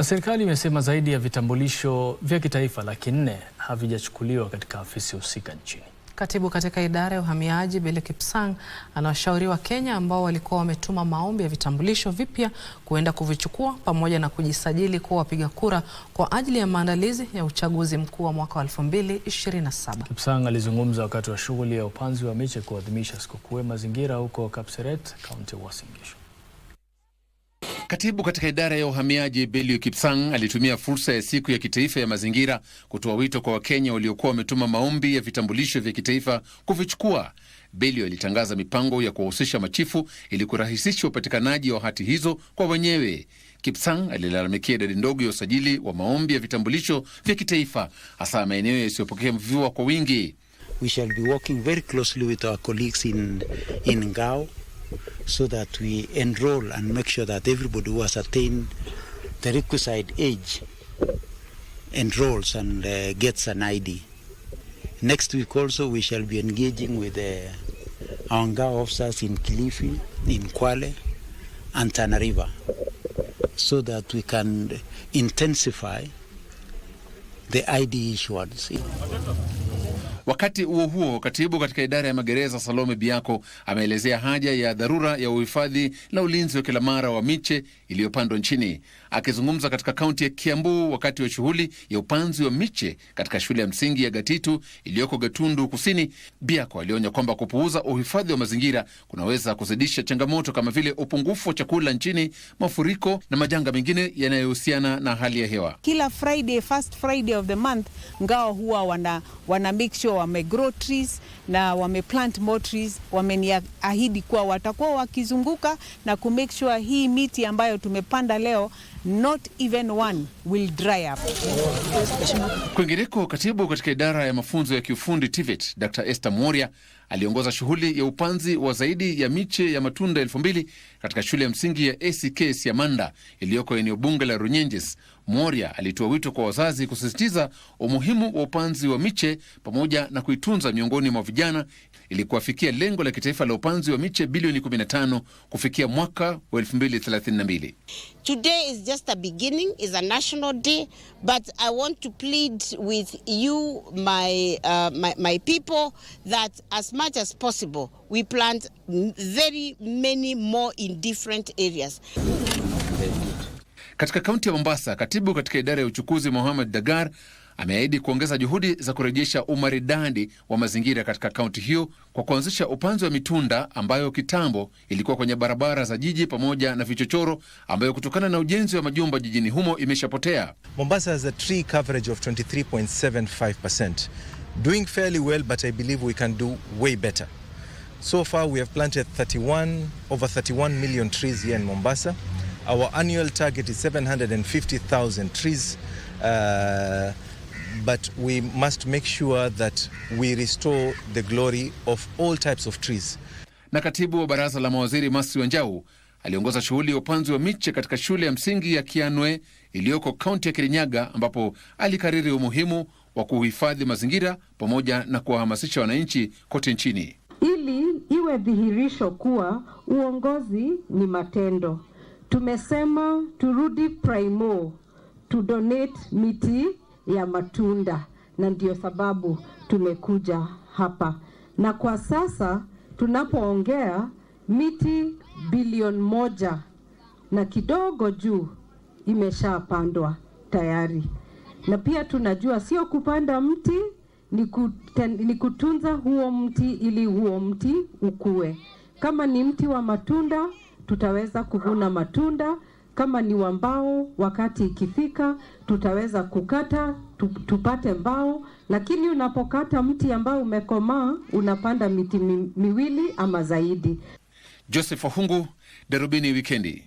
Na serikali imesema zaidi ya vitambulisho vya kitaifa laki nne havijachukuliwa katika afisi husika nchini. Katibu katika idara ya uhamiaji Bele Kipsang anawashauri kenya ambao walikuwa wametuma maombi ya vitambulisho vipya kuenda kuvichukua pamoja na kujisajili kuwa wapiga kura kwa ajili ya maandalizi ya uchaguzi mkuu wa mwaka 2027. Kipsang alizungumza wakati wa shughuli ya upanzi wa miche kuadhimisha sikukuu ya mazingira huko Kapseret, kaunti ya Uasin Gishu. Katibu katika idara ya uhamiaji Belio Kipsang alitumia fursa ya siku ya kitaifa ya mazingira kutoa wito kwa Wakenya waliokuwa wametuma maombi ya vitambulisho vya kitaifa kuvichukua. Belio alitangaza mipango ya kuwahusisha machifu ili kurahisisha upatikanaji wa hati hizo kwa wenyewe. Kipsang alilalamikia idadi ndogo ya usajili wa maombi ya vitambulisho vya kitaifa hasa maeneo yasiyopokea mvua kwa wingi. We shall be working very closely with our colleagues in, in Ngao. so that we enroll and make sure that everybody who has attained the requisite age enrolls and uh, gets an ID. Next week also we shall be engaging with uh, Anga officers in Kilifi, in Kwale, and Tana River so that we can intensify the ID issuance. Wakati huo huo, katibu katika idara ya magereza Salome Biako ameelezea haja ya dharura ya uhifadhi na ulinzi wa kila mara wa miche iliyopandwa nchini. Akizungumza katika kaunti ya Kiambu wakati wa shughuli ya upanzi wa miche katika shule ya msingi ya Gatitu iliyoko Gatundu Kusini, Biako alionya kwamba kupuuza uhifadhi wa mazingira kunaweza kuzidisha changamoto kama vile upungufu wa chakula nchini, mafuriko na majanga mengine yanayohusiana na hali ya hewa. Kila Friday, first Friday of the month, ngao huwa wana, wana make sure wamegrow trees na wameplant more trees. Wameniahidi kuwa watakuwa wakizunguka na kumake sure hii miti ambayo tumepanda leo not even one will dry up. Kwingineko, katibu katika idara ya mafunzo ya kiufundi TVET e Dr. Esther Moria aliongoza shughuli ya upanzi wa zaidi ya miche ya matunda elfu mbili katika shule ya msingi ya ACK Siamanda iliyoko eneo bunge la Runyenjes. Moria alitoa wito kwa wazazi kusisitiza umuhimu wa upanzi wa miche pamoja na kuitunza miongoni mwa vijana ili kuwafikia lengo la kitaifa la upanzi wa miche bilioni 15 kufikia mwaka wa 2032. Today is just a beginning, is a national day, but I want to plead with you, my, uh, my, my people, that as much as possible, we plant very many more in different areas. Katika kaunti ya Mombasa, katibu katika idara ya uchukuzi Mohamed Dagar ameahidi kuongeza juhudi za kurejesha umaridadi wa mazingira katika kaunti hiyo kwa kuanzisha upanzi wa mitunda ambayo kitambo ilikuwa kwenye barabara za jiji pamoja na vichochoro ambayo kutokana na ujenzi wa majumba jijini humo imeshapotea. Mombasa has a tree coverage of 23.75%. Doing fairly well but I believe we can do way better. So far we have planted 31, over 31 million trees here in Mombasa. Our annual target is 750,000 trees. Uh, but we must make sure that we restore the glory of all types of trees. Na katibu wa baraza la mawaziri Masi Wanjau aliongoza shughuli ya upanzi wa miche katika shule ya msingi ya Kianwe iliyoko kaunti ya Kirinyaga, ambapo alikariri umuhimu wa kuhifadhi mazingira pamoja na kuwahamasisha wananchi kote nchini ili iwe dhihirisho kuwa uongozi ni matendo. Tumesema turudi primo, tudonate miti ya matunda, na ndiyo sababu tumekuja hapa. Na kwa sasa tunapoongea, miti bilioni moja na kidogo juu imeshapandwa tayari, na pia tunajua sio kupanda mti ni, kuten, ni kutunza huo mti ili huo mti ukue. Kama ni mti wa matunda tutaweza kuvuna matunda kama ni wa mbao, wakati ikifika tutaweza kukata tupate mbao. Lakini unapokata mti ambao umekomaa, unapanda miti miwili ama zaidi. Joseph Wahungu, Darubini Wikendi.